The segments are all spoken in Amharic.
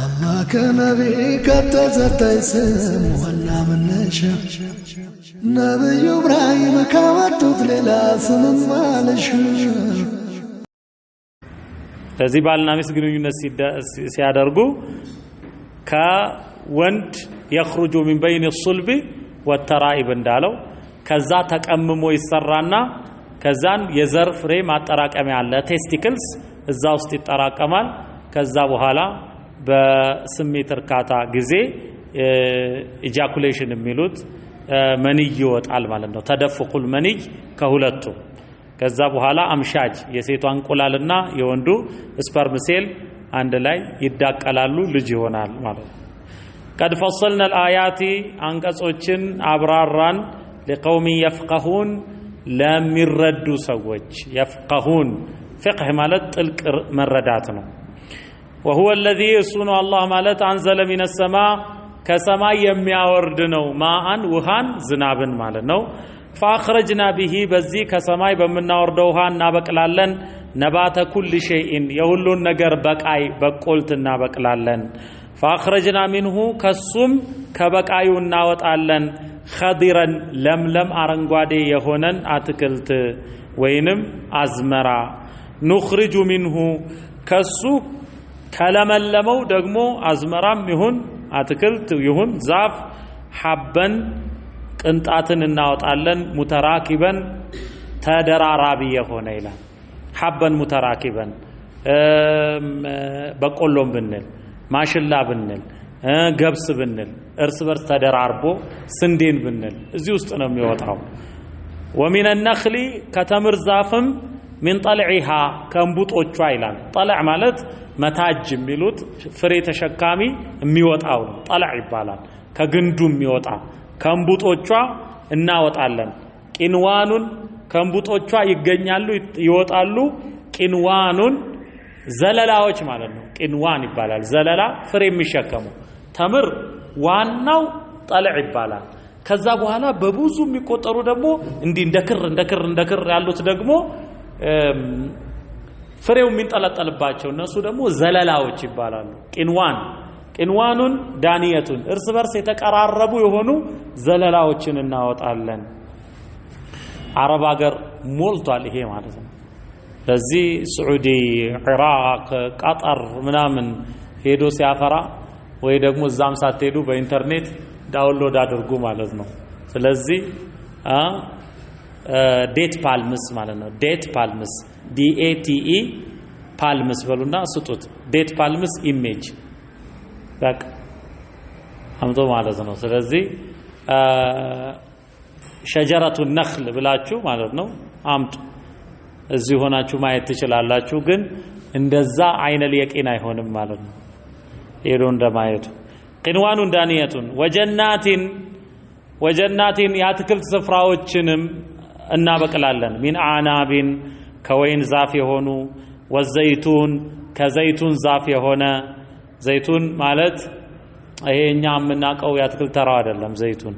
አላህ ከነቢ ከተዘጠኝ ስም ዋና መነሻ ነብዩ እብራሂም ካመጡት ሌላ ስምም አልሽ። እዚህ ባልና ሚስት ግንኙነት ሲያደርጉ ከወንድ የኽሩጁ ሚን በይን ሱልቢ ወተራኢብ እንዳለው ከዛ ተቀምሞ ይሰራና ከዛን የዘር ፍሬ ማጠራቀሚያ አለ ቴስቲክልስ እዛ ውስጥ ይጠራቀማል። ከዛ በኋላ በስሜት እርካታ ጊዜ ኢጃኩሌሽን የሚሉት መንይ ይወጣል ማለት ነው። ተደፍቁል መንይ ከሁለቱ ከዛ በኋላ አምሻጅ የሴቷ እንቁላልና የወንዱ ስፐርም ሴል አንድ ላይ ይዳቀላሉ፣ ልጅ ይሆናል ማለት ነው። ቀድ ፈሰልና አያቲ አንቀጾችን አብራራን ሊቀውሚን የፍቀሁን ለሚረዱ ሰዎች። የፍቀሁን ፍቅህ ማለት ጥልቅ መረዳት ነው። ወሁወ ለዚ እሱ ነው አላህ ማለት አንዘለ ሚነ ሰማ ከሰማይ የሚያወርድ ነው ማአን ውሃን ዝናብን ማለት ነው። ፈአኽረጅና ቢሂ በዚህ ከሰማይ በምናወርደው ውሃ እናበቅላለን። ነባተ ኩል ሸይን የሁሉን ነገር በቃይ በቆልት እናበቅላለን። ፈአኽረጅና ሚንሁ ከሱም ከበቃዩ እናወጣለን። ኸዲረን ለምለም አረንጓዴ የሆነን አትክልት ወይንም አዝመራ ኑኽሪጁ ሚንሁ ከሱ ከለመለመው ደግሞ አዝመራም ይሁን አትክልት ይሁን ዛፍ ሐበን ቅንጣትን እናወጣለን ሙተራኪበን ተደራራቢ የሆነ ይላል። ሐበን ሙተራኪበን በቆሎም ብንል ማሽላ ብንል ገብስ ብንል እርስ በርስ ተደራርቦ ስንዴን ብንል እዚህ ውስጥ ነው የሚወጣው። ወሚነ ነኽሊ ከተምር ዛፍም ሚን ጠልዒሃ ከእንቡጦቿ ይላል። ጠልዕ ማለት መታጅ የሚሉት ፍሬ ተሸካሚ የሚወጣው ነው። ጠልዕ ይባላል። ከግንዱ የሚወጣ ከእንቡጦቿ እናወጣለን። ቂንዋኑን ከእንቡጦቿ ይገኛሉ፣ ይወጣሉ። ቂንዋኑን ዘለላዎች ማለት ነው። ቂንዋን ይባላል። ዘለላ ፍሬ የሚሸከሙ ተምር ዋናው ጠልዕ ይባላል። ከዛ በኋላ በብዙ የሚቆጠሩ ደግሞ እንዲህ እንደ ክር እንደ ክር እንደ ክር ያሉት ደግሞ ፍሬው የሚንጠለጠልባቸው እነሱ ደግሞ ዘለላዎች ይባላሉ። ቂንዋን ቂንዋኑን ዳንየቱን እርስ በርስ የተቀራረቡ የሆኑ ዘለላዎችን እናወጣለን። አረብ ሀገር ሞልቷል ይሄ ማለት ነው። ለዚህ ስዑዲ፣ ኢራቅ፣ ቀጠር ምናምን ሄዶ ሲያፈራ ወይ ደግሞ እዛም ሳትሄዱ በኢንተርኔት ዳውንሎድ አድርጉ ማለት ነው። ስለዚህ ዴት ፓልምስ ማለት ነው። ዴት ፓልምስ ዲኤቲኢ ፓልምስ በሉና ስጡት። ዴት ፓልምስ ኢሜጅ በቃ አምጦ ማለት ነው። ስለዚህ ሸጀረቱ ነክል ብላችሁ ማለት ነው አምጡ። እዚህ ሆናችሁ ማየት ትችላላችሁ። ግን እንደዛ አይነል የቂን አይሆንም ማለት ነው። ሄዶ እንደማየቱ ቅንዋኑን ዳንየቱን ወጀናቲን ወጀናቲን የአትክልት ስፍራዎችንም እናበቅላለን። ሚን አናቢን ከወይን ዛፍ የሆኑ ወዘይቱን ከዘይቱን ዛፍ የሆነ ዘይቱን ማለት ይሄ እኛ የምናውቀው የአትክልት ተራው አይደለም። ዘይቱን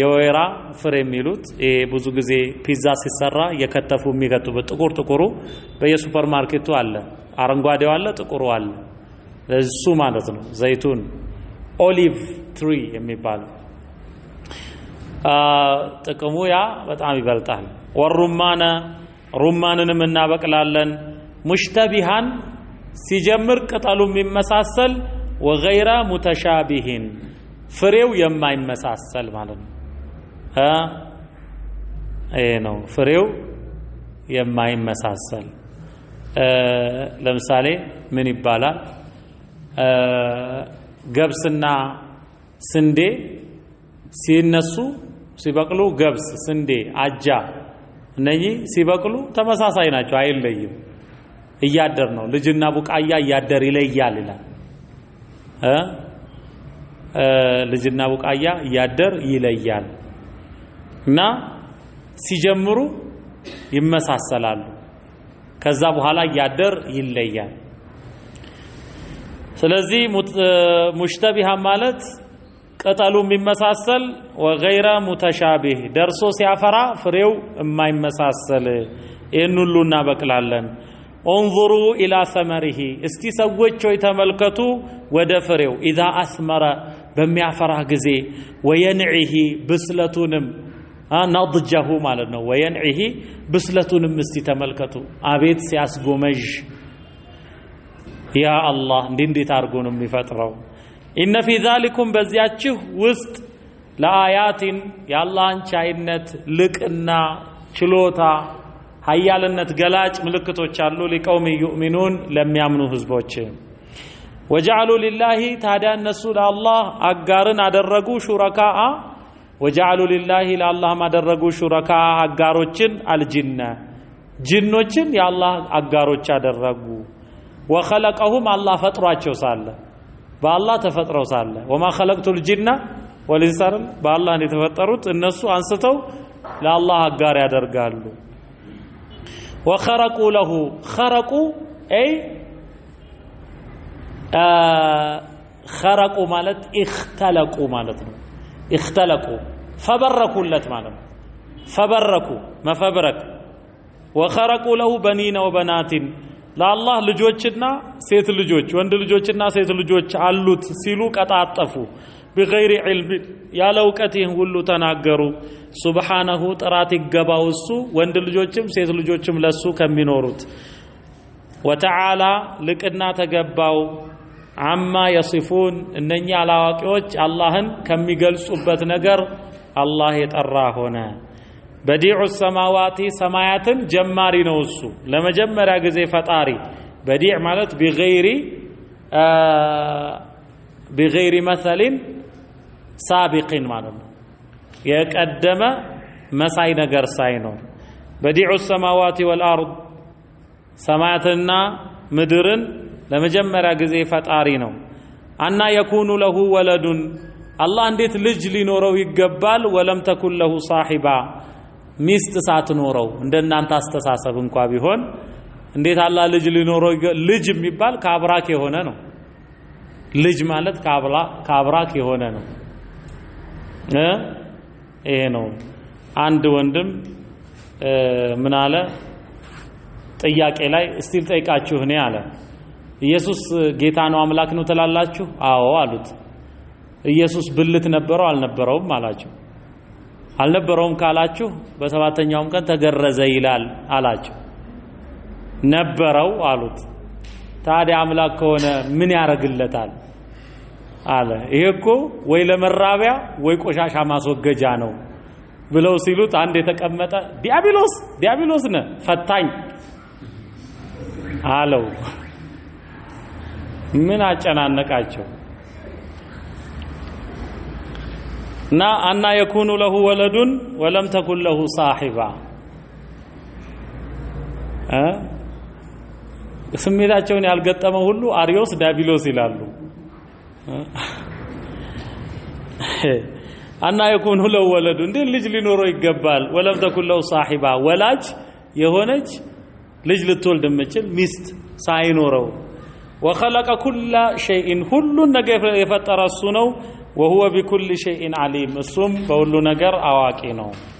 የወይራ ፍሬ የሚሉት ይሄ ብዙ ጊዜ ፒዛ ሲሰራ እየከተፉ የሚከቱበት ጥቁር ጥቁሩ በየሱፐር ማርኬቱ አለ። አረንጓዴው አለ፣ ጥቁሩ አለ። እሱ ማለት ነው ዘይቱን ኦሊቭ ትሪ የሚባለው ጥቅሙ ያ በጣም ይበልጣል። ወሩማነ ሩማንንም እናበቅላለን። ሙሽተቢሃን ሲጀምር ቅጠሉ የሚመሳሰል ወገይረ ሙተሻቢሂን ፍሬው የማይመሳሰል ማለት ነው። ይሄ ነው ፍሬው የማይመሳሰል ለምሳሌ ምን ይባላል? ገብስና ስንዴ ሲነሱ ሲበቅሉ ገብስ፣ ስንዴ፣ አጃ እነኚህ ሲበቅሉ ተመሳሳይ ናቸው፣ አይለይም። እያደር ነው ልጅና ቡቃያ እያደር ይለያል ይላል ልጅና ቡቃያ እያደር ይለያል እና ሲጀምሩ ይመሳሰላሉ። ከዛ በኋላ እያደር ይለያል። ስለዚህ ሙሽተቢሃ ማለት ቅጠሉ የሚመሳሰል ወገይረ ሙተሻቢህ ደርሶ ሲያፈራ ፍሬው የማይመሳሰል ይህን ሁሉ እናበቅላለን። ኦንዙሩ ኢላ ሰመሪሂ እስቲ ሰዎች ሆይ ተመልከቱ ወደ ፍሬው ኢዛ አስመረ በሚያፈራ ጊዜ ወየንዒሂ ብስለቱንም ናድጀሁ ማለት ነው። ወየንዒሂ ብስለቱንም እስቲ ተመልከቱ። አቤት ሲያስጎመዥ! ያ አላህ እንዲህ እንዴት አድርጎ ነው የሚፈጥረው ኢነ ፊ ዛሊኩም በዚያችሁ ውስጥ ለአያቲን የአላህን ቻይነት ልቅና ችሎታ ሀያልነት ገላጭ ምልክቶች አሉ። ሊቀውም ዩእሚኑን ለሚያምኑ ህዝቦች ወጀዐሉ ሊላሂ ታዲያ እነሱ ለአላህ አጋርን አደረጉ። ሹረካአ ወጀዐሉ ሊላሂ ለአላህም አደረጉ ሹረካአ አጋሮችን አልጅነ ጅኖችን የአላህ አጋሮች አደረጉ። ወኸለቀሁም አላህ ፈጥሯቸው ሳለ በአላህ ተፈጥረው ሳለ ወማ ኸለቅቱ ልጅና ወሊንሳር በአላህ የተፈጠሩት እነሱ አንስተው ለአላህ አጋር ያደርጋሉ ወኸረቁ ለሁ ኸረቁ ይ ኸረቁ ማለት ኢኽተለቁ ማለት ነው ኢኽተለቁ ፈበረኩለት ማለት ነው ፈበረኩ መፈብረክ ወኸረቁ ለሁ በኒነ ወበናቲን ለአላህ ልጆችና ሴት ልጆች ወንድ ልጆችና ሴት ልጆች አሉት ሲሉ ቀጣጠፉ። ቢገይሪ ዒልም ያለ እውቀት ይህን ሁሉ ተናገሩ። ሱብሓነሁ ጥራት ይገባው እሱ ወንድ ልጆችም ሴት ልጆችም ለሱ ከሚኖሩት ወተዓላ ልቅና ተገባው አማ የሲፉን እነኛ አላዋቂዎች አላህን ከሚገልጹበት ነገር አላህ የጠራ ሆነ። بديع السماوات سمايات جماري نوسو لما جمر غزي فطاري بديع مالت بغير آه بغير مثل سابق مالن يقدم مساي نغر ساينور بديع السماوات والارض سماياتنا مدرن لما جمر غزي فطاري نو انا يكون له ولد الله انديت لج لينورو يقبال ولم تكن له صاحبه ሚስት ሳትኖረው እንደናንተ አስተሳሰብ እንኳ ቢሆን እንዴት አላ ልጅ ሊኖረው ልጅ የሚባል ከአብራክ የሆነ ነው። ልጅ ማለት ከአብራክ የሆነ ነው። ይሄ ነው። አንድ ወንድም ምን አለ ጥያቄ ላይ እስቲ ልጠይቃችሁ እኔ አለ ኢየሱስ ጌታ ነው አምላክ ነው ትላላችሁ? አዎ አሉት። ኢየሱስ ብልት ነበረው አልነበረውም አላቸው። አልነበረውም ካላችሁ በሰባተኛውም ቀን ተገረዘ ይላል አላቸው። ነበረው አሉት። ታዲያ አምላክ ከሆነ ምን ያደርግለታል አለ። ይሄ እኮ ወይ ለመራቢያ ወይ ቆሻሻ ማስወገጃ ነው ብለው ሲሉት አንድ የተቀመጠ ዲያብሎስ ዲያብሎስ ነ ፈታኝ አለው። ምን አጨናነቃቸው? እና አና የኩኑ ለሁ ወለዱን ወለም ተኩን ለሁ ሳሒባ ስሜታቸውን ያልገጠመ ሁሉ አሪዮስ ዳቢሎስ ይላሉ። አና የኩኑ ለሁ ወለዱ እንዴ ልጅ ሊኖረው ይገባል? ወለም ተኩን ለው ሳሒባ ወላጅ የሆነች ልጅ ልትወልድ የምችል ሚስት ሳይኖረው ወኸለቀ ኩላ ሸይኢን ሁሉን ነገር የፈጠረ እሱ ነው። وهو بكل شيء عليم الصم بقول له نجر أواكينو